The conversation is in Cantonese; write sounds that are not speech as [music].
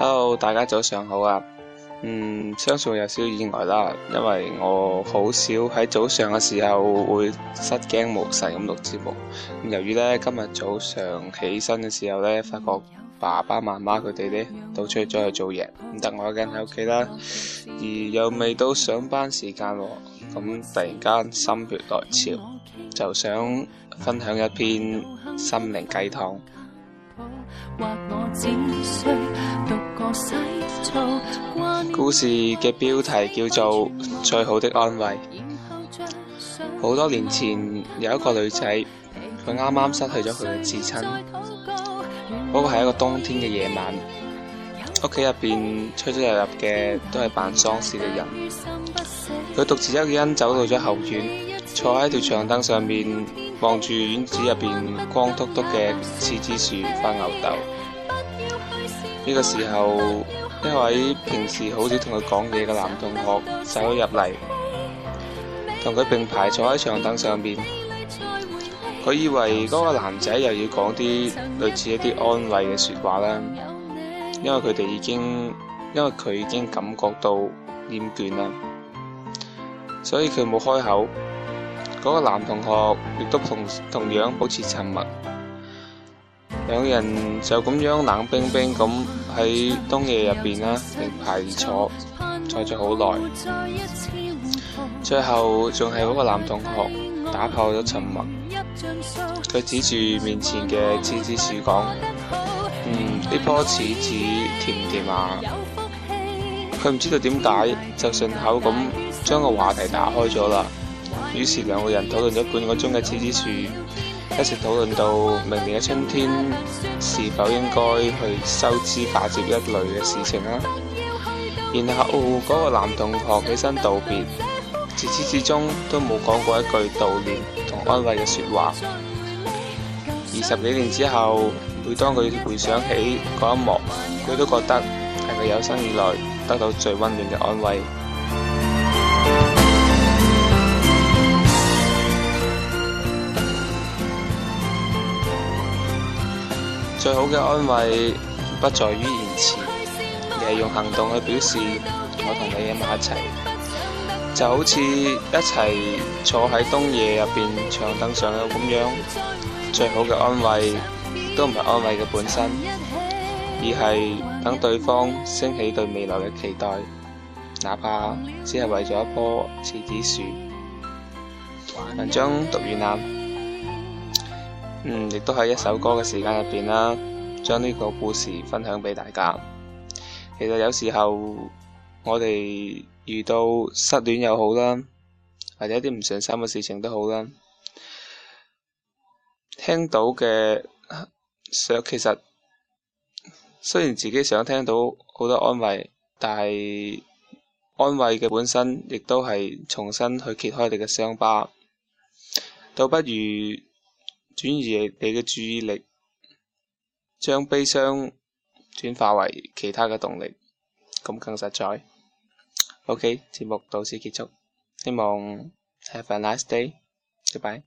Hello，大家早上好啊！嗯，相信有少少意外啦，因為我好少喺早上嘅時候會失驚無神咁錄節目。由於咧今日早上起身嘅時候咧，發覺爸爸媽媽佢哋咧都出去咗去做嘢，唔得我喺緊喺屋企啦。而又未到上班時間喎，咁突然間心血來潮，就想分享一篇心靈雞湯。 [music] 故事嘅標題叫做《最好的安慰》。好多年前有一個女仔，佢啱啱失去咗佢嘅至親。嗰、那個係一個冬天嘅夜晚，屋企入邊出出入入嘅都係辦喪事嘅人。佢獨自一個人走到咗後院，坐喺條長凳上面，望住院子入邊光禿禿嘅柿子樹、番牛豆。呢個時候，一位平時好少同佢講嘢嘅男同學走咗入嚟，同佢並排坐喺長凳上邊。佢以為嗰個男仔又要講啲類似一啲安慰嘅說話啦，因為佢哋已經，因為佢已經感覺到厭倦啦，所以佢冇開口。嗰個男同學亦都同同樣保持沉默。兩人就咁樣冷冰冰咁喺冬夜入邊呢，並排坐坐咗好耐。最後仲係嗰個男同學打破咗沉默，佢指住面前嘅柿子樹講：嗯，呢棵柿子甜唔甜啊？佢唔知道點解，就順口咁將個話題打開咗啦。於是兩個人討論咗半個鐘嘅柿子樹。一直討論到明年嘅春天是否應該去修枝嫁接一類嘅事情啦。 [music] 然後嗰、那個男同學起身道別，自始至終都冇講過一句悼念同安慰嘅説話。二十幾年之後，每當佢回想起嗰一幕，佢都覺得係佢有生以來得到最温暖嘅安慰。 [music] 最好嘅安慰不在於言辭，而係用行動去表示我同你喺埋一齊。就好似一齊坐喺冬夜入邊長凳上嘅咁樣，最好嘅安慰都唔係安慰嘅本身，而係等對方升起對未來嘅期待，哪怕只係為咗一棵柿子樹。文章讀完啦。嗯，亦都喺一首歌嘅時間入邊啦，將呢個故事分享俾大家。其實有時候我哋遇到失戀又好啦，或者一啲唔順心嘅事情都好啦，聽到嘅想其實，雖然自己想聽到好多安慰，但係安慰嘅本身亦都係重新去揭開你嘅傷疤，倒不如。轉移你嘅注意力，將悲傷轉化為其他嘅動力，咁更實在。OK，節目到此結束，希望 Have a nice day，拜拜。